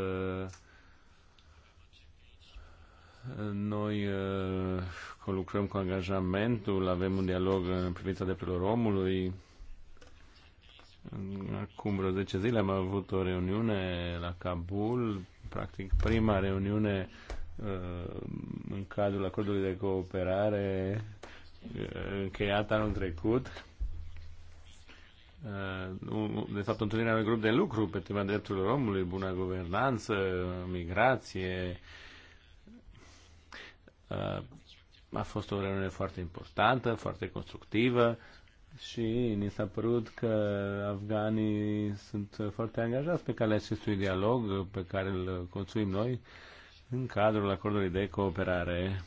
Noi uh, lucrăm cu angajamentul, avem un dialog în privința drepturilor omului. Acum vreo 10 zile am avut o reuniune la Kabul, practic prima reuniune uh, în cadrul acordului de cooperare uh, încheiat anul trecut Uh, de fapt, întâlnirea unui grup de lucru pe tema drepturilor omului, bună guvernanță, migrație. Uh, a fost o reuniune foarte importantă, foarte constructivă și ni s-a părut că afganii sunt foarte angajați pe calea acestui dialog pe care îl construim noi în cadrul acordului de cooperare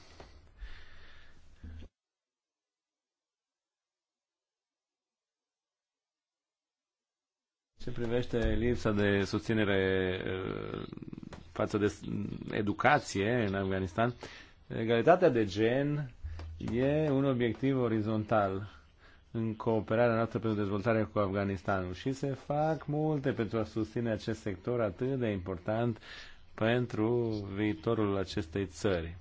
Ce privește lipsa de susținere uh, față de educație în Afganistan, egalitatea de gen e un obiectiv orizontal în cooperarea noastră pentru dezvoltarea cu Afganistanul și se fac multe pentru a susține acest sector atât de important pentru viitorul acestei țări.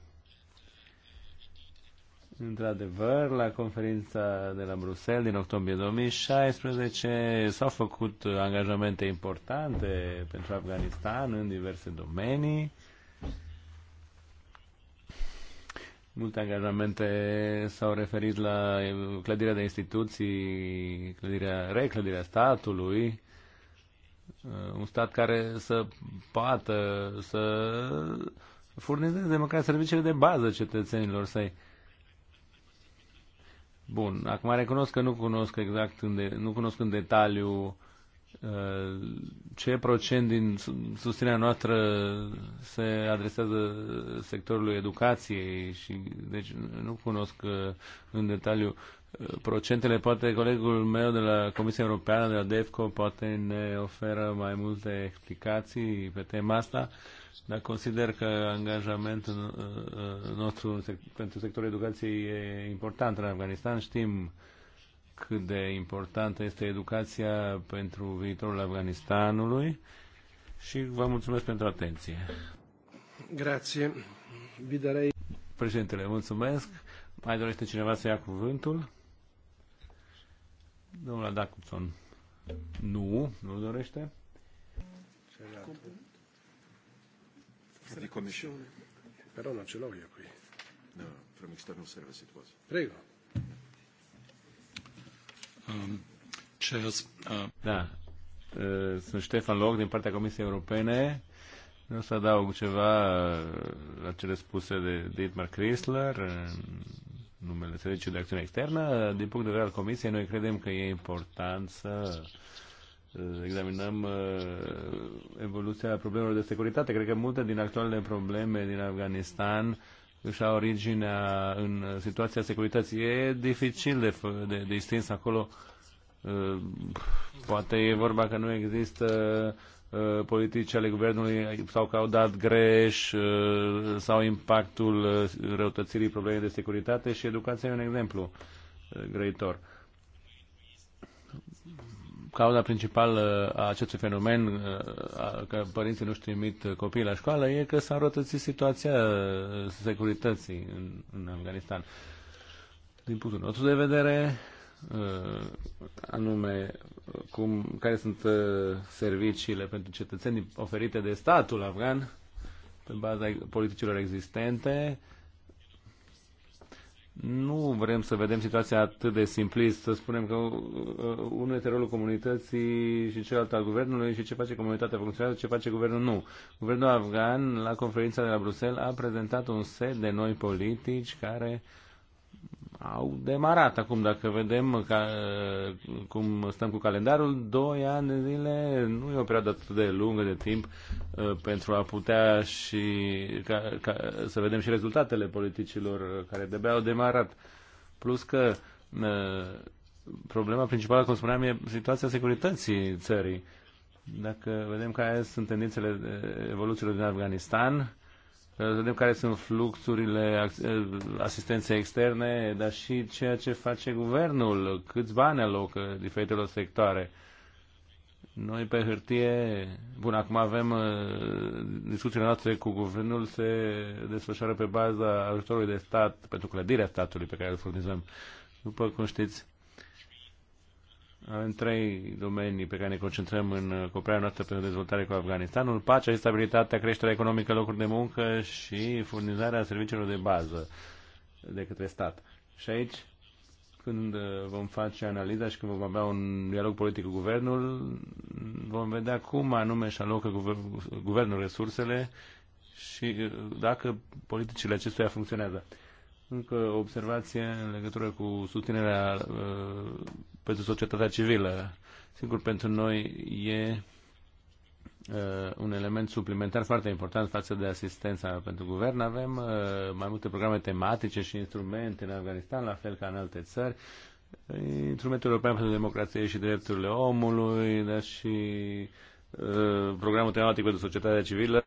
Într-adevăr, la conferința de la Bruxelles din octombrie 2016 s-au făcut angajamente importante pentru Afganistan în diverse domenii. Multe angajamente s-au referit la clădirea de instituții, clădirea, reclădirea statului, uh, un stat care să poată să furnizeze măcar serviciile de bază cetățenilor săi. Bun, acum recunosc că nu cunosc exact, în de, nu cunosc în detaliu uh, ce procent din susținerea noastră se adresează sectorului educației și deci nu cunosc uh, în detaliu uh, procentele, poate colegul meu de la Comisia Europeană, de la DEFCO, poate ne oferă mai multe explicații pe tema asta dar consider că angajamentul uh, uh, nostru pentru sectorul educației e important în Afganistan. Știm cât de importantă este educația pentru viitorul Afganistanului și vă mulțumesc pentru atenție. Grație. Vidarei. Președintele, mulțumesc. Mai dorește cineva să ia cuvântul? Domnul Adacuțon. Nu, nu dorește. Celălalt di è commissione. Però non ce l'ho io qui. No, from external service it was. Prego. Um, chairs, uh... Da, uh, sunt Ștefan Loc din partea Comisiei Europene. Vreau să adaug ceva uh, la cele spuse de Dietmar Chrysler numele Serviciului de Acțiune Externă. Din punct de vedere al Comisiei, noi credem că e important să uh, examinăm uh, evoluția problemelor de securitate. Cred că multe din actualele probleme din Afganistan își au originea în situația securității. E dificil de, de, de distins acolo. Uh, poate e vorba că nu există uh, politici ale guvernului sau că au dat greș sau impactul răutățirii problemei de securitate și educația e un exemplu greitor cauza principală a acestui fenomen, uh, că părinții nu-și trimit copiii la școală, e că s-a rătățit situația uh, securității în, în Afganistan. Din punctul nostru de vedere, uh, anume cum, care sunt serviciile pentru cetățenii oferite de statul afgan pe baza politicilor existente, nu vrem să vedem situația atât de simplist, să spunem că uh, unul este rolul comunității și celălalt al guvernului și ce face comunitatea funcționează, ce face guvernul nu. Guvernul afgan, la conferința de la Bruxelles, a prezentat un set de noi politici care uh, au demarat acum, dacă vedem ca, cum stăm cu calendarul, 2 ani de zile nu e o perioadă atât de lungă de timp uh, pentru a putea și ca, ca, să vedem și rezultatele politicilor care de au demarat. Plus că uh, problema principală, cum spuneam, e situația securității țării. Dacă vedem care sunt tendințele uh, evoluțiilor din Afganistan, vedem care sunt fluxurile eh, asistenței externe, dar și ceea ce face guvernul, câți bani alocă diferitelor sectoare. Noi pe hârtie, bun, acum avem eh, discuțiile noastre cu guvernul, se desfășoară pe baza ajutorului de stat pentru clădirea statului pe care îl furnizăm. După cum știți, avem trei domenii pe care ne concentrăm în uh, cooperarea noastră pentru dezvoltare cu Afganistanul. Pacea și stabilitatea, creșterea economică, locuri de muncă și furnizarea serviciilor de bază de către stat. Și aici, când uh, vom face analiza și când vom avea un dialog politic cu guvernul, vom vedea cum anume și alocă guvernul resursele și uh, dacă politicile acestuia funcționează. Încă o observație în legătură cu susținerea pentru societatea civilă. Sigur, pentru noi e uh, un element suplimentar foarte important față de asistența pentru guvern. Avem uh, mai multe programe tematice și instrumente în Afganistan, la fel ca în alte țări. Instrumentul European pentru Democrație și Drepturile Omului, dar și uh, programul tematic pentru societatea civilă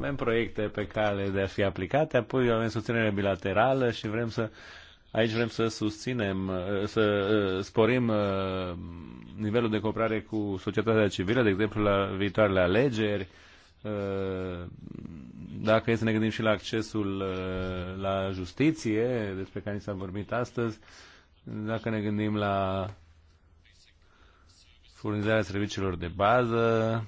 Avem proiecte pe care de a fi aplicate, apoi avem susținere bilaterală și vrem să Aici vrem să susținem, să uh, sporim uh, nivelul de cooperare cu societatea civilă, de exemplu la viitoarele alegeri, uh, dacă e să ne gândim și la accesul la justiție, despre care ni s-a vorbit astăzi, dacă ne gândim la furnizarea serviciilor de bază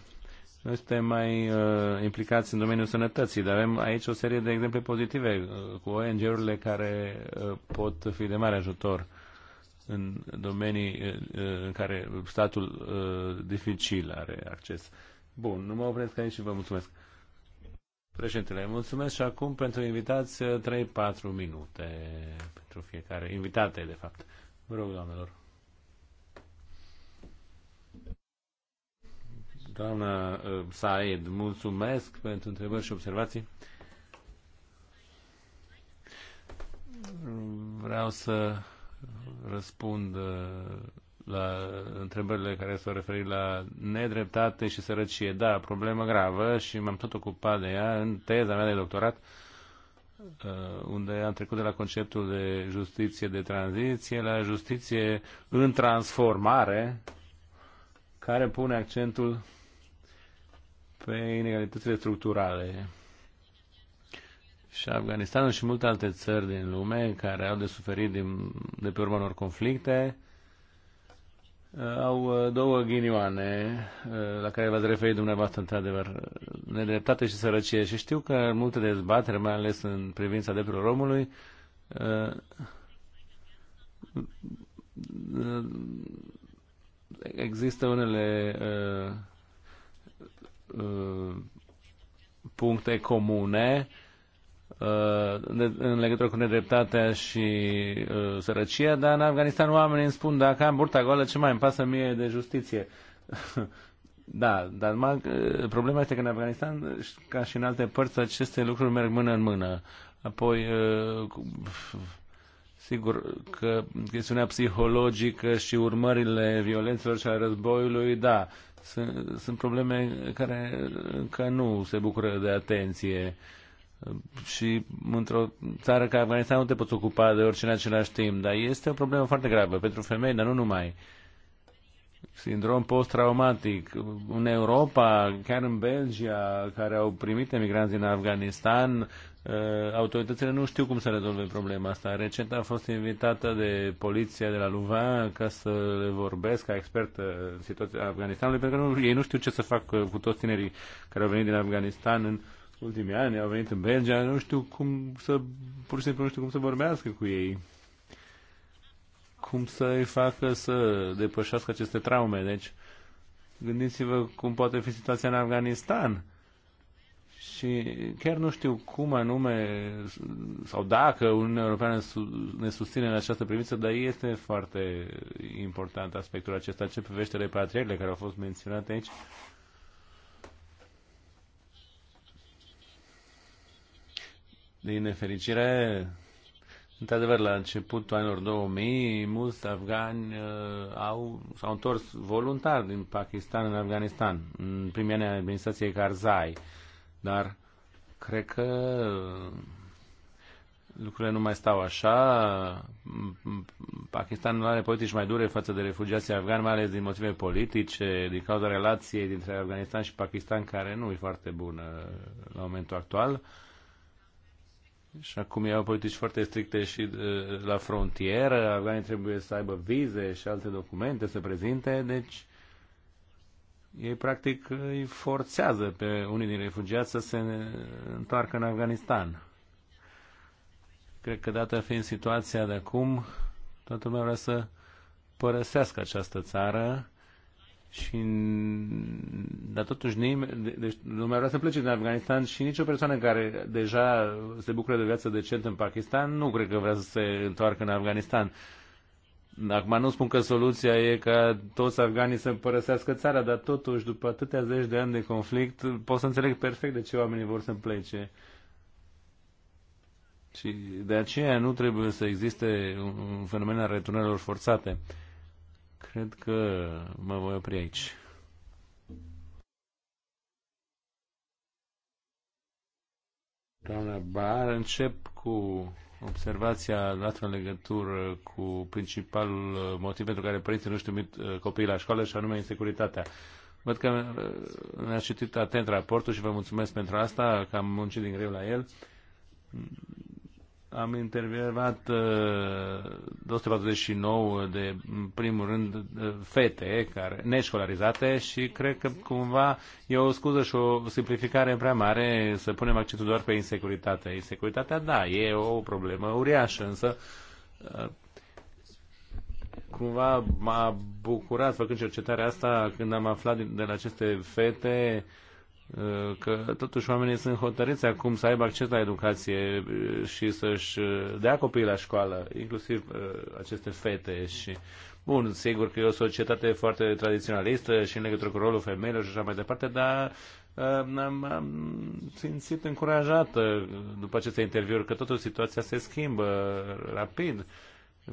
noi suntem mai uh, implicați în domeniul sănătății, dar avem aici o serie de exemple pozitive uh, cu ONG-urile care uh, pot fi de mare ajutor în domenii uh, uh, în care statul uh, dificil are acces. Bun, nu mă opresc aici și vă mulțumesc. Președintele, mulțumesc și acum pentru invitați 3-4 uh, minute pentru fiecare. Invitate, de fapt. Vă rog, doamnelor. Doamna uh, Said, mulțumesc pentru întrebări și observații. Vreau să răspund uh, la întrebările care s-au referit la nedreptate și sărăcie. Da, problemă gravă și m-am tot ocupat de ea în teza mea de doctorat, uh, unde am trecut de la conceptul de justiție de tranziție la justiție în transformare, care pune accentul pe inegalitățile structurale. Și Afganistanul și multe alte țări din lume care au de suferit din, de pe urma unor conflicte uh, au uh, două ghinioane uh, la care v-ați referit dumneavoastră într-adevăr, nedreptate și sărăcie. Și știu că în multe dezbateri, mai ales în privința drepturilor omului, există unele Uh, puncte comune uh, în legătură cu nedreptatea și uh, sărăcia, dar în Afganistan oamenii îmi spun dacă am burta goală, ce mai îmi pasă mie de justiție? <laughs> Da, dar problema este că în Afganistan, ca și în alte părți, aceste lucruri merg mână în mână. Apoi, Sigur că chestiunea psihologică și urmările violențelor și a războiului, da, sunt, sunt probleme care încă nu se bucură de atenție. Și într-o țară ca Afganistan nu te poți ocupa de orice în același timp, dar este o problemă foarte gravă pentru femei, dar nu numai. Sindrom post-traumatic. În Europa, chiar în Belgia, care au primit emigranți din Afganistan, Uh, autoritățile nu știu cum să rezolve problema asta. Recent am fost invitată de poliția de la Luvan ca să le vorbesc ca expert uh, în situația Afganistanului, pentru că nu, ei nu știu ce să fac uh, cu toți tinerii care au venit din Afganistan în ultimii ani, au venit în Belgia, nu știu cum să, pur și simplu nu știu cum să vorbească cu ei cum să îi facă să depășească aceste traume. Deci, gândiți-vă cum poate fi situația în Afganistan și chiar nu știu cum anume sau dacă Uniunea Europeană ne susține în această privință, dar este foarte important aspectul acesta ce privește repatrierile care au fost menționate aici. Din nefericire, într-adevăr, la începutul anilor 2000, mulți afgani uh, au, s-au întors voluntar din Pakistan în Afganistan, în primii ani administrației Karzai. Uh, dar cred că uh, lucrurile nu mai stau așa. Mm, mm, Pakistanul nu are politici mai dure față de refugiații afgani, mai ales din motive politice, din cauza relației dintre Afganistan și Pakistan, care nu e foarte bună uh, la momentul actual. Și acum iau politici foarte stricte și uh, la frontieră, afganii trebuie să aibă vize și alte documente să prezinte, deci ei practic îi forțează pe unii din refugiați să se întoarcă în Afganistan. Cred că dată fiind situația de acum, toată lumea vrea să părăsească această țară și dar totuși nimeni, deci lumea vrea să plece din Afganistan și nicio persoană care deja se bucură de viață decentă în Pakistan nu cred că vrea să se întoarcă în Afganistan. Uh, Acum nu spun că soluția e ca toți afganii să părăsească țara, dar totuși, după atâtea zeci de ani de conflict, pot să înțeleg perfect de ce oamenii vor să plece. Și de aceea nu trebuie să existe un fenomen al returnărilor forțate. Cred că mă voi opri aici. Doamna Bar, încep cu observația noastră în legătură cu principalul motiv pentru care părinții nu-și trimit uh, copiii la școală și anume insecuritatea. Văd că uh, ne a citit atent raportul și vă mulțumesc pentru asta, că am muncit din greu la el am intervievat 249 uh, de, în primul rând, uh, fete care, neșcolarizate și cred că cumva e o scuză și o simplificare prea mare să punem accentul doar pe insecuritate. Insecuritatea, da, e o problemă uriașă, însă uh, cumva m-a bucurat făcând cercetarea asta când am aflat de la aceste fete uh, că totuși oamenii sunt hotărâți acum să aibă acces la educație și să-și dea copiii la școală, inclusiv aceste fete și Bun, sigur că e o societate foarte tradiționalistă și în legătură cu rolul femeilor și așa mai departe, dar am, am simțit încurajată după aceste interviuri că totul situația se schimbă rapid. Uh,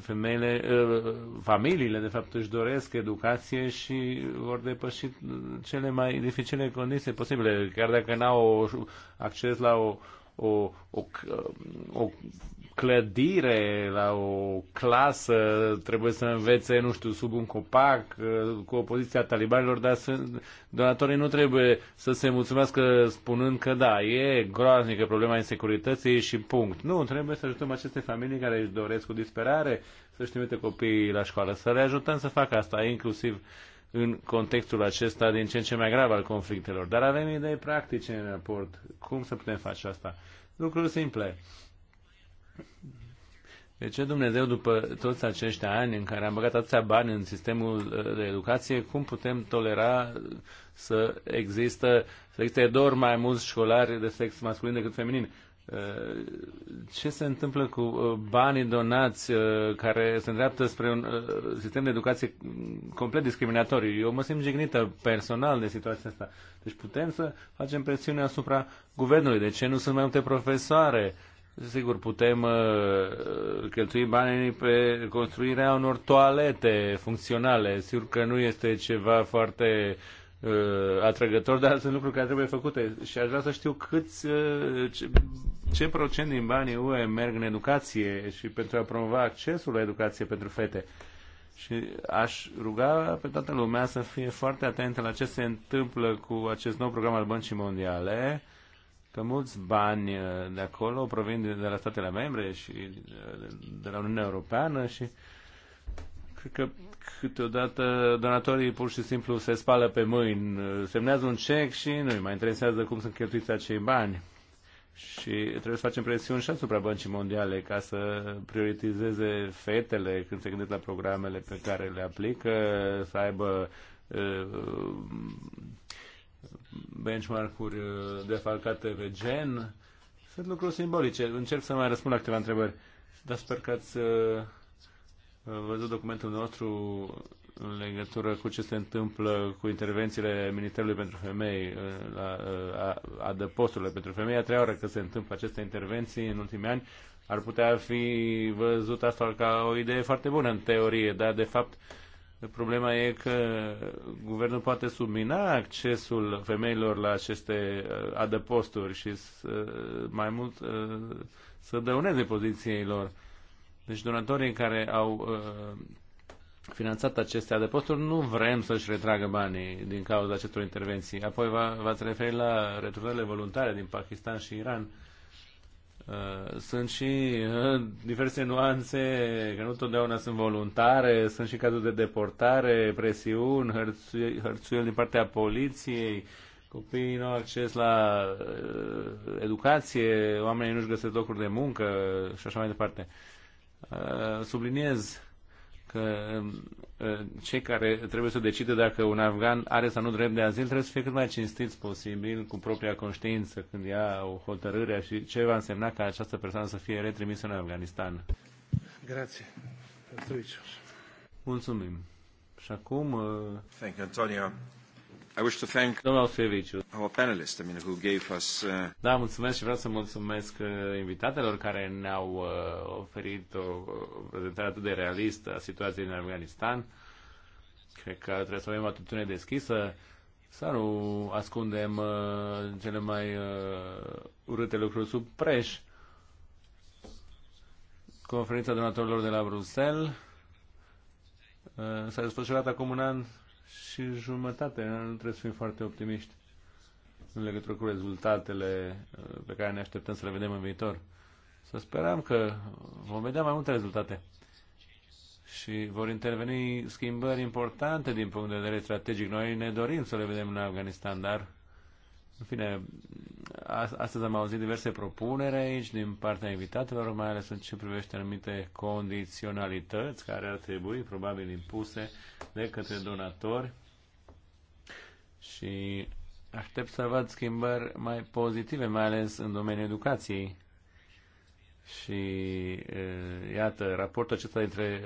femeile, ă, familiile, de fapt, își doresc educație și vor depăși cele mai dificile condiții posibile, chiar dacă n-au acces la o, o, o, o clădire, la o clasă, trebuie să învețe, nu știu, sub un copac, uh, cu opoziția talibanilor, dar sunt, donatorii nu trebuie să se mulțumească spunând că da, e groaznică problema insecurității și punct. Nu, trebuie să ajutăm aceste familii care își doresc cu disperare să-și trimite copiii la școală, să le ajutăm să facă asta, inclusiv în contextul acesta din ce în ce mai grav al conflictelor. Dar avem idei practice în raport. Cum să putem face asta? Lucruri simple de ce Dumnezeu, după toți acești ani în care am băgat atâția bani în sistemul uh, de educație, cum putem tolera să există, să existe doar mai mulți școlari de sex masculin decât feminin? Uh, ce se întâmplă cu uh, banii donați care se îndreaptă spre un sistem de educație complet discriminatoriu? Eu mă simt jignită personal de situația asta. Deci putem să facem presiune asupra guvernului. De ce nu sunt mai multe profesoare? Sigur, putem uh, cheltui banii pe construirea unor toalete funcționale. Sigur că nu este ceva foarte uh, atrăgător, dar sunt lucruri care trebuie făcute. Și aș vrea să știu câți, uh, ce, ce procent din banii UE merg în educație și pentru a promova accesul la educație pentru fete. Și aș ruga pe toată lumea să fie foarte atentă la ce se întâmplă cu acest nou program al Băncii Mondiale. Uh, că mulți bani uh, de acolo provin de, la statele membre și uh, de la Uniunea Europeană și cred că câteodată donatorii pur și simplu se spală pe mâini, uh, semnează un cec și nu-i mai interesează cum sunt cheltuiți acei bani. Și trebuie să facem presiuni și asupra băncii mondiale ca să prioritizeze fetele când se gândesc la programele pe care le aplică, să aibă benchmark-uri uh, defalcate pe gen. Sunt lucruri simbolice. Încerc să mai răspund la câteva întrebări. Dar sper că ați uh, uh, văzut documentul nostru în legătură cu ce se întâmplă cu intervențiile Ministerului pentru Femei, la, adăposturile pentru femei. A treia oară că se întâmplă aceste intervenții în ultimii ani, ar putea fi văzut asta ca o idee foarte bună în teorie, dar de fapt uh, Problema e că guvernul poate submina accesul femeilor la aceste uh, adăposturi și uh, mai mult uh, să dăuneze poziției lor. Deci donatorii care au finanțat aceste adăposturi nu vrem să-și retragă banii din cauza acestor intervenții. Apoi v-ați referit la returnările voluntare din Pakistan și Iran. Uh, sunt și uh, diverse nuanțe, că nu totdeauna sunt voluntare, sunt și cazuri de deportare, presiuni, hărțuieli din partea poliției, copiii nu au acces la uh, educație, oamenii nu-și găsesc locuri de muncă și așa mai departe. Subliniez că ă, cei care trebuie să decide dacă un afgan are sau nu drept de azil trebuie să fie cât mai cinstiți posibil cu propria conștiință când ia o hotărâre și ce va însemna ca această persoană să fie retrimisă în Afganistan. Grazie. Mulțumim. Și acum... Ă, Thank you, Antonio. I wish to thank Our I mean, who gave us, uh... Da, mulțumesc și vreau să mulțumesc uh, invitatelor care ne-au uh, oferit o, o prezentare atât de realistă a situației din Afganistan. Cred că trebuie să avem o atitudine deschisă să nu ascundem uh, cele mai uh, urâte lucruri sub preș. Conferința donatorilor de la Bruxelles uh, s-a desfășurat acum un an și jumătate. Nu trebuie să fim foarte optimiști în legătură cu rezultatele uh, pe care ne așteptăm să le vedem în viitor. Să sperăm că vom vedea mai multe rezultate și vor interveni schimbări importante din punct de vedere strategic. Noi ne dorim să le vedem în Afganistan, dar în fine, astăzi am auzit diverse propuneri aici din partea invitatelor, mai ales în ce privește anumite condiționalități care ar trebui probabil impuse de către donatori și aștept să văd schimbări mai pozitive, mai ales în domeniul educației. Și iată, raportul acesta dintre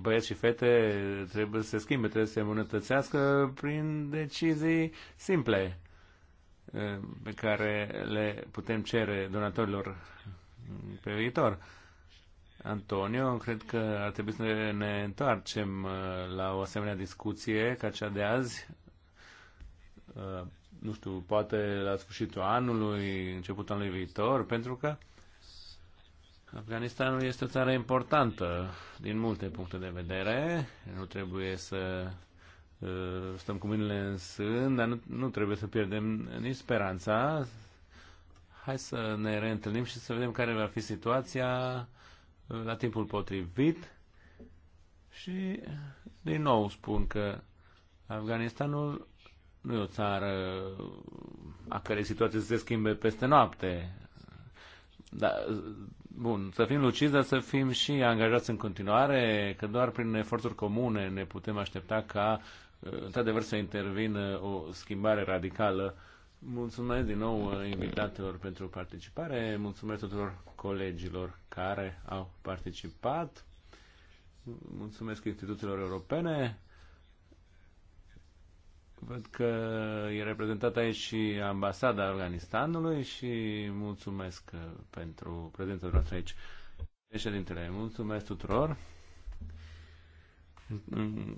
băieți și fete trebuie să se schimbe, trebuie să se îmbunătățească prin decizii simple pe care le putem cere donatorilor pe viitor. Antonio, cred că ar trebui să ne întoarcem uh, la o asemenea discuție ca cea de azi. Uh, nu știu, poate la sfârșitul anului, începutul anului viitor, pentru că Afganistanul este o țară importantă din multe puncte de vedere. Nu trebuie să Eh, stăm cu mâinile în sân, dar nu, nu trebuie să pierdem nici speranța. Hai să ne reîntâlnim și să vedem care va fi situația eh, la timpul potrivit. Și din nou spun că Afganistanul nu e o țară a care situație se schimbe peste noapte. Da, bun, să fim lucizi, dar să fim și angajați în continuare, că doar prin eforturi comune ne putem aștepta ca într-adevăr să intervină o schimbare radicală. Mulțumesc din nou uh, invitatelor pentru participare, mulțumesc tuturor colegilor care au participat, mulțumesc instituțiilor europene. Văd că e reprezentată aici și ambasada Afganistanului și mulțumesc uh, pentru prezența noastră aici. Președintele, mulțumesc tuturor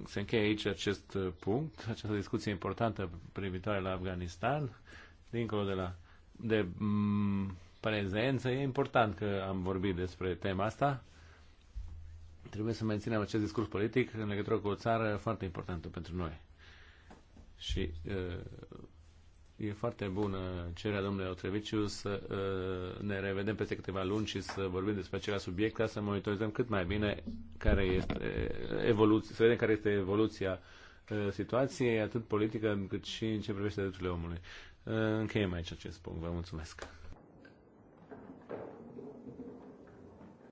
se încheie aici acest uh, punct, această discuție importantă privitoare la Afganistan, dincolo de la de mm, prezență, e important că am vorbit despre tema asta. Trebuie să menținem acest discurs politic în legătură cu o țară foarte importantă pentru noi. Și uh, E foarte bună cererea domnului Otreviciu să uh, ne revedem peste câteva luni și să vorbim despre același subiect ca să monitorizăm cât mai bine care este evoluția, să vedem care este evoluția uh, situației, atât politică cât și în ce privește drepturile omului. Uh, încheiem aici acest punct. Vă mulțumesc.